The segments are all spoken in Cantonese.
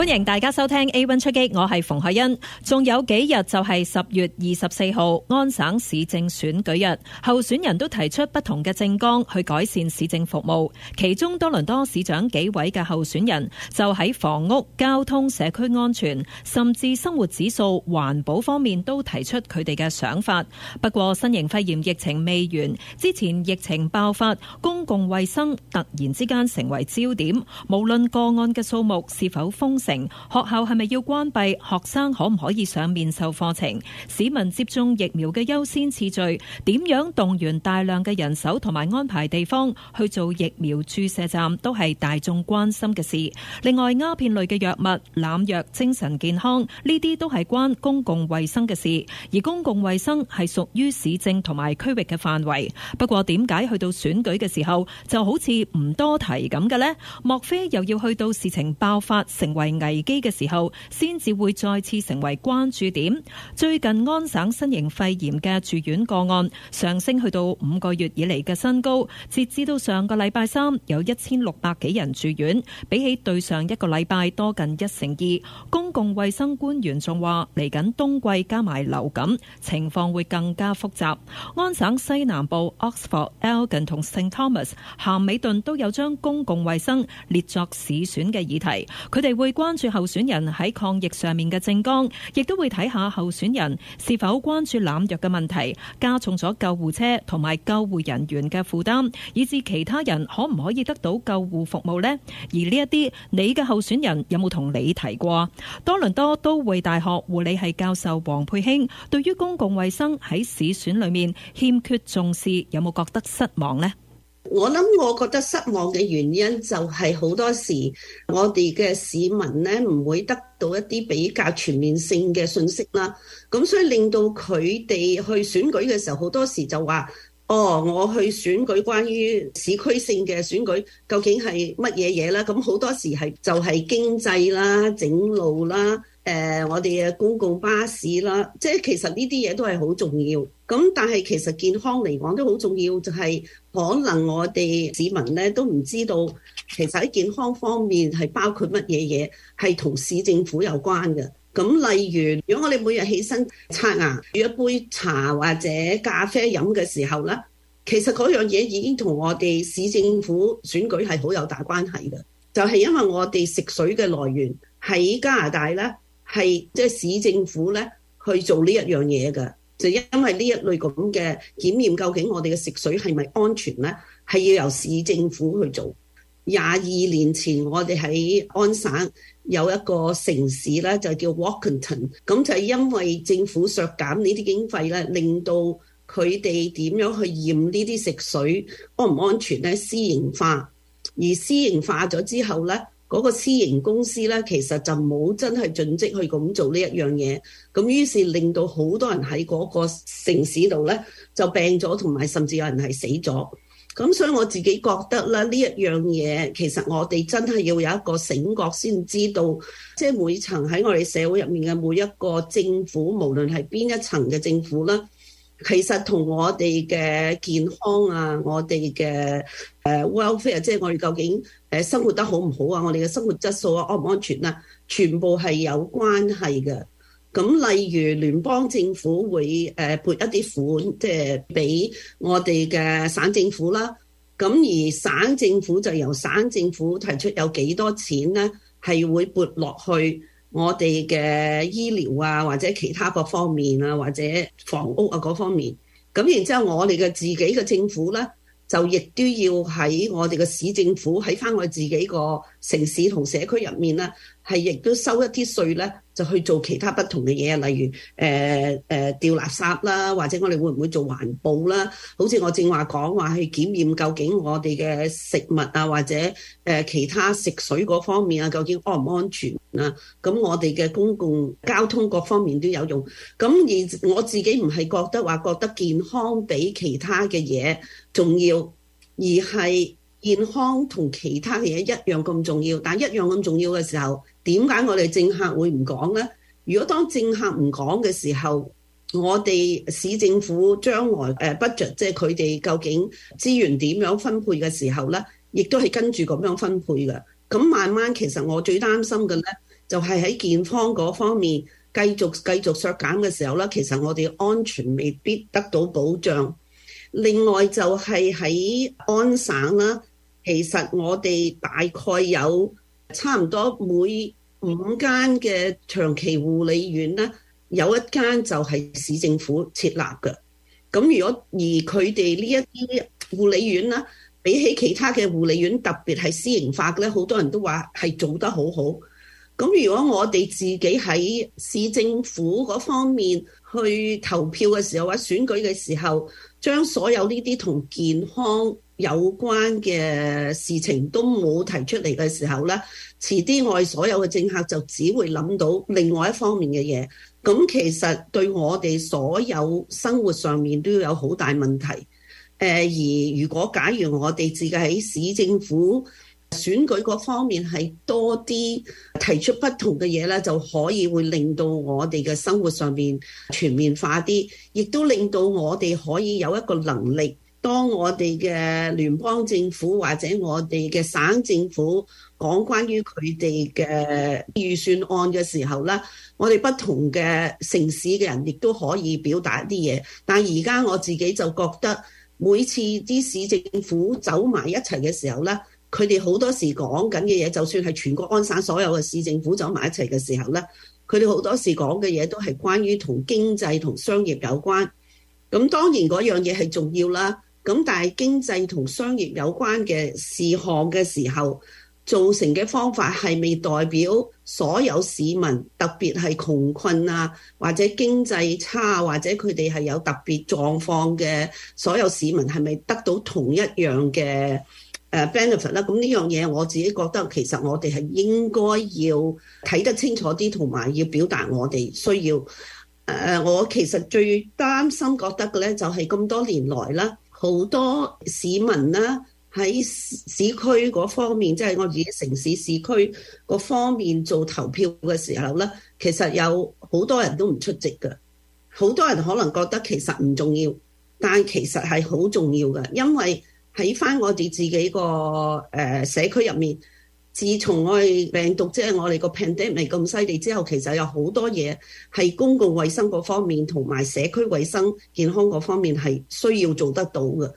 歡迎大家收聽 A One 出擊，我係馮海欣。仲有幾日就係十月二十四號安省市政選舉日，候選人都提出不同嘅政綱去改善市政服務。其中多倫多市長幾位嘅候選人就喺房屋、交通、社區安全，甚至生活指數、環保方面都提出佢哋嘅想法。不過新型肺炎疫情未完，之前疫情爆發，公共衛生突然之間成為焦點。無論個案嘅數目是否封。學校係咪要關閉？學生可唔可以上面授課程？市民接種疫苗嘅優先次序，點樣動員大量嘅人手同埋安排地方去做疫苗注射站，都係大眾關心嘅事。另外，鴉片類嘅藥物濫藥、精神健康呢啲都係關公共衛生嘅事，而公共衛生係屬於市政同埋區域嘅範圍。不過，點解去到選舉嘅時候就好似唔多提咁嘅咧？莫非又要去到事情爆發，成為？危機嘅時候，先至會再次成為關注點。最近安省新型肺炎嘅住院個案上升，去到五個月以嚟嘅新高，截至到上個禮拜三有一千六百幾人住院，比起對上一個禮拜多近一成二。公共衛生官員仲話，嚟緊冬季加埋流感，情況會更加複雜。安省西南部 Oxford、Elgin 同 St. Thomas、咸美頓都有將公共衛生列作市選嘅議題，佢哋會關。關注候選人喺抗疫上面嘅政綱，亦都會睇下候選人是否關注濫藥嘅問題，加重咗救護車同埋救護人員嘅負擔，以至其他人可唔可以得到救護服務呢？而呢一啲，你嘅候選人有冇同你提過？多倫多都會大學護理系教授黃佩卿對於公共衛生喺市選裏面欠缺重視，有冇覺得失望呢？我諗，我覺得失望嘅原因就係好多時，我哋嘅市民咧唔會得到一啲比較全面性嘅信息啦，咁所以令到佢哋去選舉嘅時候，好多時就話，哦，我去選舉關於市區性嘅選舉，究竟係乜嘢嘢啦？咁好多時係就係經濟啦、整路啦。誒、呃，我哋嘅公共巴士啦，即係其實呢啲嘢都係好重要。咁但係其實健康嚟講都好重要，就係、是、可能我哋市民咧都唔知道，其實喺健康方面係包括乜嘢嘢係同市政府有關嘅。咁例如，如果我哋每日起身刷牙，煮一杯茶或者咖啡飲嘅時候咧，其實嗰樣嘢已經同我哋市政府選舉係好有大關係嘅。就係、是、因為我哋食水嘅來源喺加拿大咧。係即係市政府咧去做呢一樣嘢㗎，就因為呢一類咁嘅檢驗，究竟我哋嘅食水係咪安全咧？係要由市政府去做。廿二年前，我哋喺安省有一個城市咧，就叫 Walkerton。咁就係因為政府削減呢啲經費咧，令到佢哋點樣去驗呢啲食水安唔安全咧？私營化，而私營化咗之後咧。嗰個私營公司呢，其實就冇真係盡職去咁做呢一樣嘢，咁於是令到好多人喺嗰個城市度呢，就病咗，同埋甚至有人係死咗。咁所以我自己覺得咧，呢一樣嘢其實我哋真係要有一個醒覺，先知道即係每層喺我哋社會入面嘅每一個政府，無論係邊一層嘅政府啦。其實同我哋嘅健康啊，我哋嘅誒 welfare，即係我哋究竟誒生活得好唔好啊？我哋嘅生活質素啊，安唔安全啊，全部係有關係嘅。咁例如聯邦政府會誒撥一啲款，即係俾我哋嘅省政府啦。咁而省政府就由省政府提出有幾多錢咧，係會撥落去。我哋嘅醫療啊，或者其他各方面啊，或者房屋啊各方面，咁然之後我哋嘅自己嘅政府呢，就亦都要喺我哋嘅市政府喺返我自己個城市同社區入面咧，係亦都收一啲稅咧，就去做其他不同嘅嘢，例如誒誒掉垃圾啦，或者我哋會唔會做環保啦？好似我正話講話去檢驗究竟我哋嘅食物啊，或者誒、呃、其他食水嗰方面啊，究竟安唔安全啊？咁我哋嘅公共交通各方面都有用。咁而我自己唔係覺得話覺得健康比其他嘅嘢重要，而係。健康同其他嘅嘢一樣咁重要，但一樣咁重要嘅時候，點解我哋政客會唔講呢？如果當政客唔講嘅時候，我哋市政府將來誒 budget，即係佢哋究竟資源點樣分配嘅時候呢，亦都係跟住咁樣分配嘅。咁慢慢其實我最擔心嘅呢，就係喺健康嗰方面繼續繼續削減嘅時候呢，其實我哋安全未必得到保障。另外就係喺安省啦。其實我哋大概有差唔多每五間嘅長期護理院呢，有一間就係市政府設立嘅。咁如果而佢哋呢一啲護理院呢，比起其他嘅護理院，特別係私營化咧，好多人都話係做得好好。咁如果我哋自己喺市政府嗰方面去投票嘅時候，或者選舉嘅時候，將所有呢啲同健康有關嘅事情都冇提出嚟嘅時候呢，遲啲我哋所有嘅政客就只會諗到另外一方面嘅嘢，咁其實對我哋所有生活上面都要有好大問題。誒而如果假如我哋自己喺市政府，選舉嗰方面係多啲提出不同嘅嘢咧，就可以會令到我哋嘅生活上面全面化啲，亦都令到我哋可以有一個能力，當我哋嘅聯邦政府或者我哋嘅省政府講關於佢哋嘅預算案嘅時候咧，我哋不同嘅城市嘅人亦都可以表達一啲嘢。但係而家我自己就覺得，每次啲市政府走埋一齊嘅時候咧，佢哋好多時講緊嘅嘢，就算係全國、安省所有嘅市政府走埋一齊嘅時候呢，佢哋好多時講嘅嘢都係關於同經濟同商業有關。咁當然嗰樣嘢係重要啦。咁但係經濟同商業有關嘅事項嘅時候，造成嘅方法係未代表所有市民，特別係窮困啊，或者經濟差，或者佢哋係有特別狀況嘅所有市民，係咪得到同一樣嘅？誒 benefit 啦，咁呢樣嘢我自己覺得其實我哋係應該要睇得清楚啲，同埋要表達我哋需要。誒，我其實最擔心覺得嘅咧，就係咁多年來啦，好多市民啦喺市區嗰方面，即係我自己城市市區個方面做投票嘅時候咧，其實有好多人都唔出席嘅，好多人可能覺得其實唔重要，但其實係好重要嘅，因為。喺翻我哋自己個誒社區入面，自從我哋病毒即係、就是、我哋個 pandemic 咁犀利之後，其實有好多嘢係公共衛生嗰方面同埋社區衛生健康嗰方面係需要做得到嘅。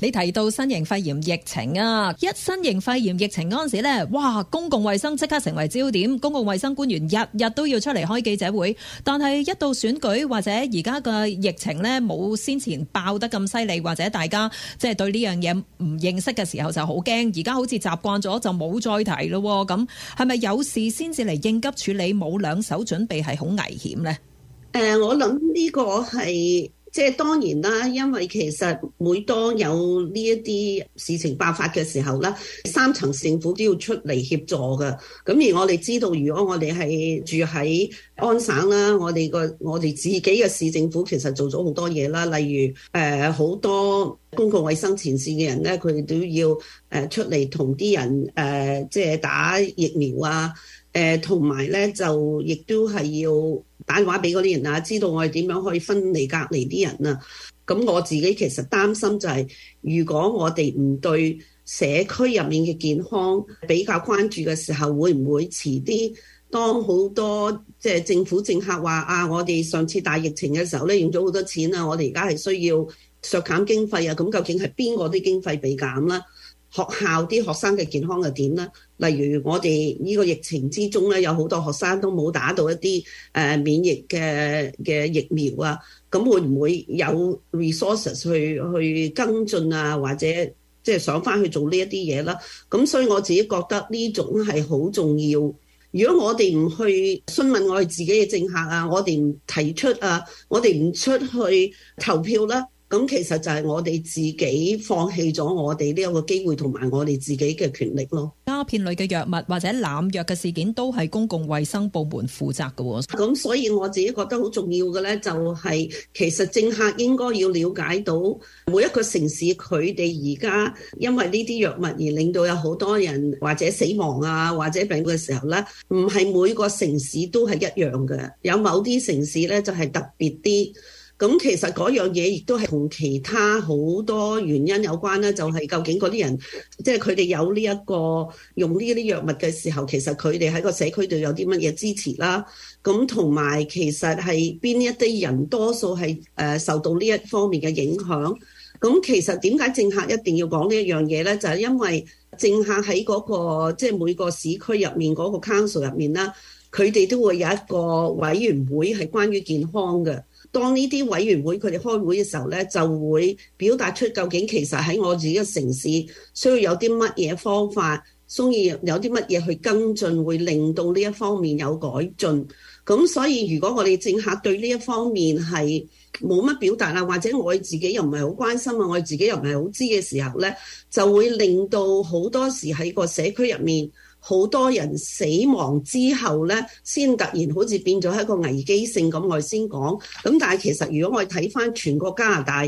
你提到新型肺炎疫情啊，一新型肺炎疫情嗰陣時咧，哇，公共衛生即刻成為焦點，公共衛生官員日日都要出嚟開記者會，但係一到選舉或者而家個疫情咧，冇先前爆得咁犀利，或者大家即係對呢樣嘢唔認識嘅時候就很怕現在好驚，而家好似習慣咗，就冇再提咯。咁係咪有事先至嚟應急處理，冇兩手準備係好危險咧？誒、呃，我諗呢個係。即係當然啦，因為其實每當有呢一啲事情爆發嘅時候咧，三層政府都要出嚟協助㗎。咁而我哋知道，如果我哋係住喺安省啦，我哋個我哋自己嘅市政府其實做咗好多嘢啦，例如誒好多公共衛生前線嘅人咧，佢哋都要誒出嚟同啲人誒即係打疫苗啊，誒同埋咧就亦都係要，打電話俾嗰啲人啊，知道我哋點樣可以分離隔離啲人啊。咁我自己其實擔心就係，如果我哋唔對社區入面嘅健康比較關注嘅時候，會唔會遲啲當好多即係政府政客話啊，我哋上次大疫情嘅時候咧用咗好多錢啊，我哋而家係需要削減經費啊。咁究竟係邊個啲經費被減啦、啊？學校啲學生嘅健康又點咧？例如我哋呢個疫情之中咧，有好多學生都冇打到一啲誒免疫嘅嘅疫苗啊，咁會唔會有 resources 去去跟進啊？或者即係想翻去做呢一啲嘢啦？咁所以我自己覺得呢種係好重要。如果我哋唔去詢問我哋自己嘅政客啊，我哋唔提出啊，我哋唔出去投票啦、啊。咁其實就係我哋自己放棄咗我哋呢個機會同埋我哋自己嘅權力咯。鴉片類嘅藥物或者濫藥嘅事件都係公共衛生部門負責㗎。咁所以我自己覺得好重要嘅呢，就係其實政客應該要了解到每一個城市，佢哋而家因為呢啲藥物而令到有好多人或者死亡啊，或者病嘅時候呢，唔係每個城市都係一樣嘅，有某啲城市呢，就係特別啲。咁其實嗰樣嘢亦都係同其他好多原因有關啦，就係究竟嗰啲人，即係佢哋有呢一個用呢啲藥物嘅時候，其實佢哋喺個社區度有啲乜嘢支持啦。咁同埋其實係邊一啲人多數係誒受到呢一方面嘅影響。咁其實點解政客一定要講呢一樣嘢咧？就係因為政客喺嗰個即係每個市區入面嗰個 council 入面啦，佢哋都會有一個委員會係關於健康嘅。當呢啲委員會佢哋開會嘅時候呢，就會表達出究竟其實喺我自己嘅城市需要有啲乜嘢方法，所以有啲乜嘢去跟進，會令到呢一方面有改進。咁所以如果我哋政客對呢一方面係冇乜表達啦，或者我自己又唔係好關心啊，我自己又唔係好知嘅時候呢，就會令到好多時喺個社區入面。好多人死亡之後呢，先突然好似變咗一個危機性咁，我先講。咁但係其實如果我睇翻全國加拿大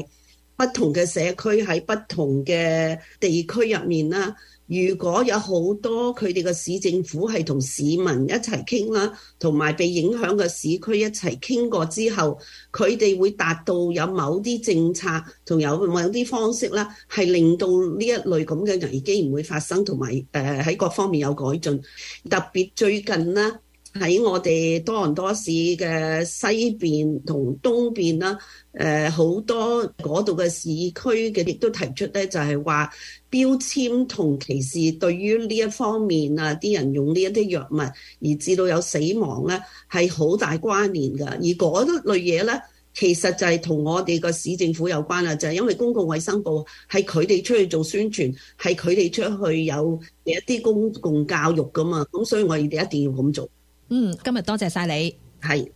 不同嘅社區喺不同嘅地區入面啦。如果有好多佢哋嘅市政府係同市民一齊傾啦，同埋被影響嘅市區一齊傾過之後，佢哋會達到有某啲政策同有某啲方式啦，係令到呢一類咁嘅危機唔會發生，同埋誒喺各方面有改進，特別最近啦。喺我哋多倫多市嘅西邊同東邊啦，誒好多嗰度嘅市區嘅亦都提出咧，就係話標籤同歧視對於呢一方面啊，啲人用呢一啲藥物而至到有死亡咧，係好大關聯嘅。而嗰類嘢咧，其實就係同我哋個市政府有關啦，就係因為公共衞生部係佢哋出去做宣傳，係佢哋出去有一啲公共教育㗎嘛，咁所以我哋一定要咁做。嗯，今日多謝晒你，係。